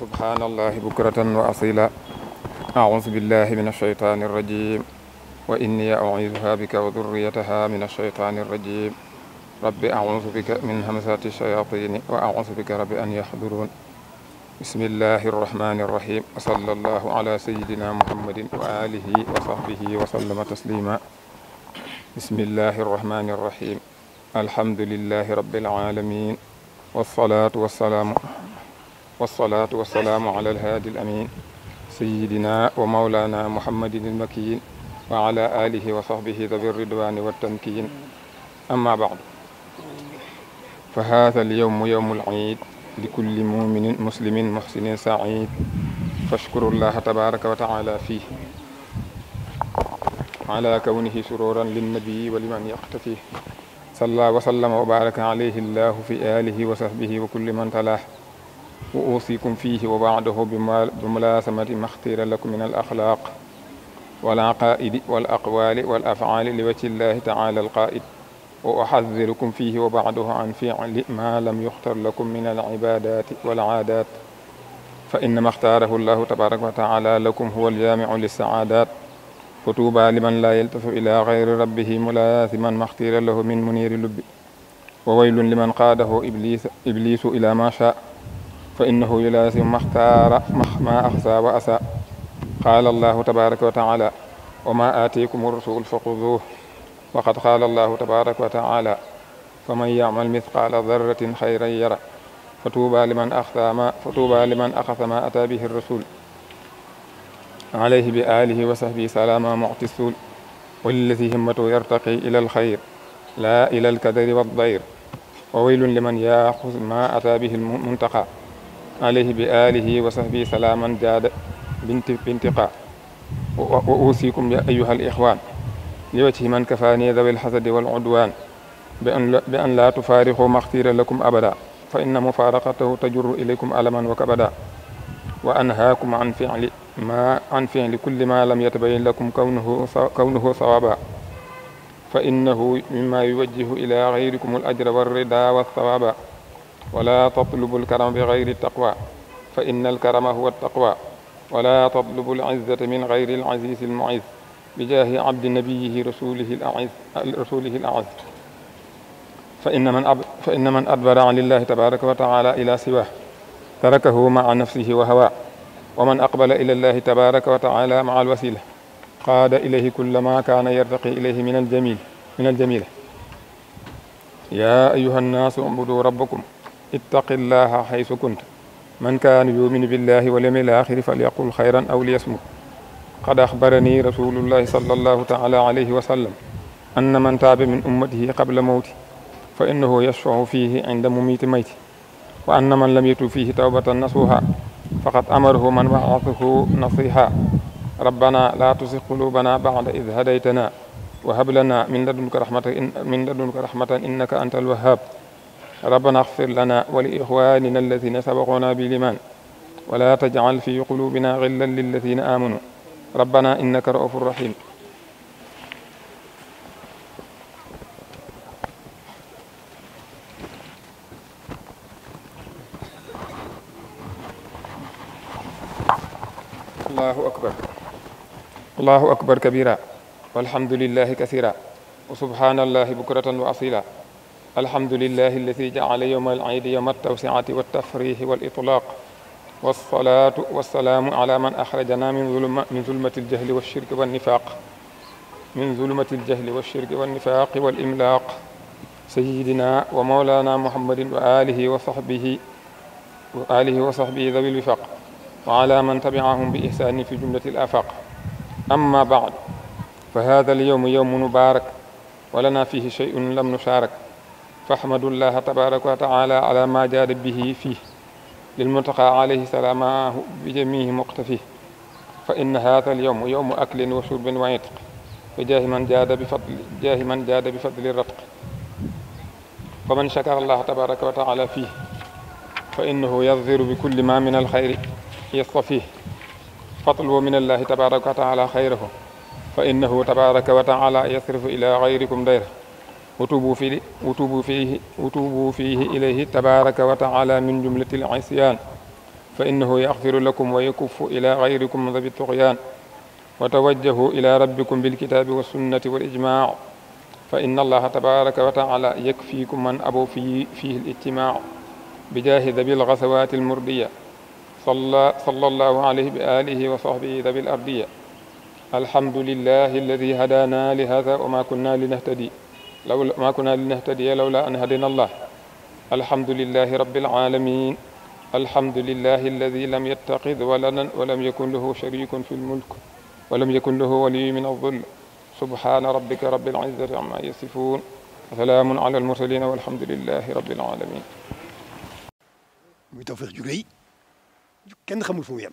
subhaanallahi bukratan wa asila auzu billahi min alsheytaani arrajim wa inni auizuha bika wa durriyataha min alsheytaani arrajim rabbi auzu bika min hamsati shayatini wa auzu bika rabbi an yaxduruun bismillahi arrahmani arrahim wa sallallahu ala sayidina muhammadin wa alihi wa sahbihi wa sallama taslima bismillahi arrahmani arrahim alhamdulillahi rabbil alamin والصلاة والسلام والصلاة والسلام على الهادي الأمين سيدنا ومولانا محمد المكين وعلى آله وصحبه ذوي الرضوان والتمكين أما بعد فهذا اليوم يوم العيد لكل مؤمن مسلم محسن سعيد فاشكروا الله تبارك وتعالى فيه على كونه سرورا للنبي ولمن يقتفيه صلى وسلم وبارك عليه الله في آله وصحبه وكل من تلاه wa uusikum fiihi wa baadahu bimulaasamati maxtiira lakum min al axlaaq wal aqaaidi wal aqwaali wal afaali li wajhi llaahi taala alqaaid wa uxadirukum fiihi wa baadahu an fiili maa lam yuxtar lakum min al ibaadaati wal aadaat fa innama axtaarahu llaahu tabaaraka wa taala lakum huwa aljaamiu lissaadaat fa tuuba liman laa yaltafitu ilaa gayri rabbihi mulaasiman maxtiira lahu min muniiri lubbi wa waylun liman qaadahu ibliisu ilaa maa shaa fa innahu yulaasim maxtaara ma axsa wa asa qaala allahu tabaraka wa taala wa ma aatikum rasul fa xuduuh wa qad qaala allahu tabaraka wa taala fa man yacmal mithqaala darratin xayran yara fa tuuba liman axsa ma fa tuuba liman axasa ma ata bihi rasul alayhi bi alihi wa sahbihi salaama mucti suul walladi himmatu yartaqi ila alxayr laa ila alkadari waddayr wa waylun liman yaaxuz ma ata bihi almuntaqa alayhi bi alihi wa sahbihi salaaman jaada binti bintiqa wa usikum ya ayuha al ixwaan li wajhi man kafaani dawi alxasadi wal udwaan bi an laa tufaarixu maxtira lakum abada fa inna mufaaraqatahu tajurru ilaykum alaman wa kabada wa anhaakum an fili ma an fili kulli ma lam yatabayin lakum kawnuhu kawnuhu sawaba fa innahu mimma yuwajjihu ila gayrikum al ajra wa rida wa sawaba wala tatlubu alkarama bi gayri taqwa fa inna alkarama huwa attaqwa wala tatlubu alizzata min gayri alazizi almuiz bi jaahi abdi nabiyihi rasulihi alaiz rasulihi alaiz fa inna man fa inna man adbara an lillahi tabaraka wa taala ila siwah tarakahu maa nafsihi wa hawa wa man aqbala ila allahi tabaraka wa taala maa alwasila qaada ilayhi kulla ma kaana yartaqi ilayhi min aljamil min aljamila ya ayuha annaasu ubudu rabbakum ittaqillaha xaysu kunta man kaana yuminu billahi wal yawmil axiri falyaqul xayran aw liyasmut qad axbarani rasulullahi sallallahu taala alayhi wa sallam anna man taaba min ummatihi qabla mawti fa innahu yashfau fihi inda mumiti mayti wa anna man lam yatub fihi tawbatan nasuha faqad amarahu man waathu nasiha rabbana la tusix qulubana bada id hadaytana wa hab lana min ladunka rahmatan innaka anta alwahab ربنا اغفر لنا ولإخواننا الذين سبقونا بالإيمان ولا تجعل في قلوبنا غلا للذين آمنوا ربنا إنك رؤوف رحيم الله أكبر الله أكبر كبيرا والحمد لله كثيرا وسبحان الله بكرة وأصيلا alhamdulilah alladi jaala yowma alciidi yowma altawsiati waltafrihi walitlaq walsalaatu walsalaamu ala man axrajana min zulma min zulmati aljahli walshirki wannifaq min zulmati aljahli walshirki wannifaqi walimlaaq sayidina wa mawlana muhammadin wa alihi wa sahbihi wa alihi wa sahbihi dawi lwifaq wa ala man tabiahum bi ihsaanin fi jumlati alafaq amma baad fa hada alyowmu yowmu mubaarak wa lana fihi sheyun lam nusaarak fa ahmadullaha tabaraka wa taala ala ma jaada bihi fii lilmuntaqa alayhi salaamahu bi jamihi muqtafi fa inna haadha al yowmu yowmu aklin wa shurbin wa itq fa jaahi man jaada bi fadli jaahi man jaada bi fadli ratq fa man shakara allaha tabaraka wa taala fii fa innahu yazdiru bi kulli ma min alxayri yastafih fatlubu min allahi tabaraka wa taala xayrahu fa innahu tabaraka wa taala yasrifu ila xayrikum dayra وتوبوا فيه وتوبوا فيه وتوبوا فيه إليه تبارك وتعالى من جملة العصيان فإنه يغفر لكم ويكف إلى غيركم من ذوي الطغيان وتوجهوا إلى ربكم بالكتاب والسنة والإجماع فإن الله تبارك وتعالى يكفيكم من أبوا فيه, فيه الاجتماع بجاه ذوي الغثوات المردية صلى, صلى الله عليه بآله وصحبه ذوي الأرضية الحمد لله الذي هدانا لهذا وما كنا لنهتدي law ma kunna linahtadiya lawla an hadina allah alhamdulillahi rabbil alamin alhamdulillahi alladi lam yattaqid waladan wa lam yakun lahu sharikun fi lmulk wa lam yakun lahu waliyyun min adh-dhull subhana rabbika rabbil izzati amma yasifun wa salaamun ala al-mursalin walhamdulillahi rabbil alamin muy tawfeex ju rëy kenn xamul fu mu yem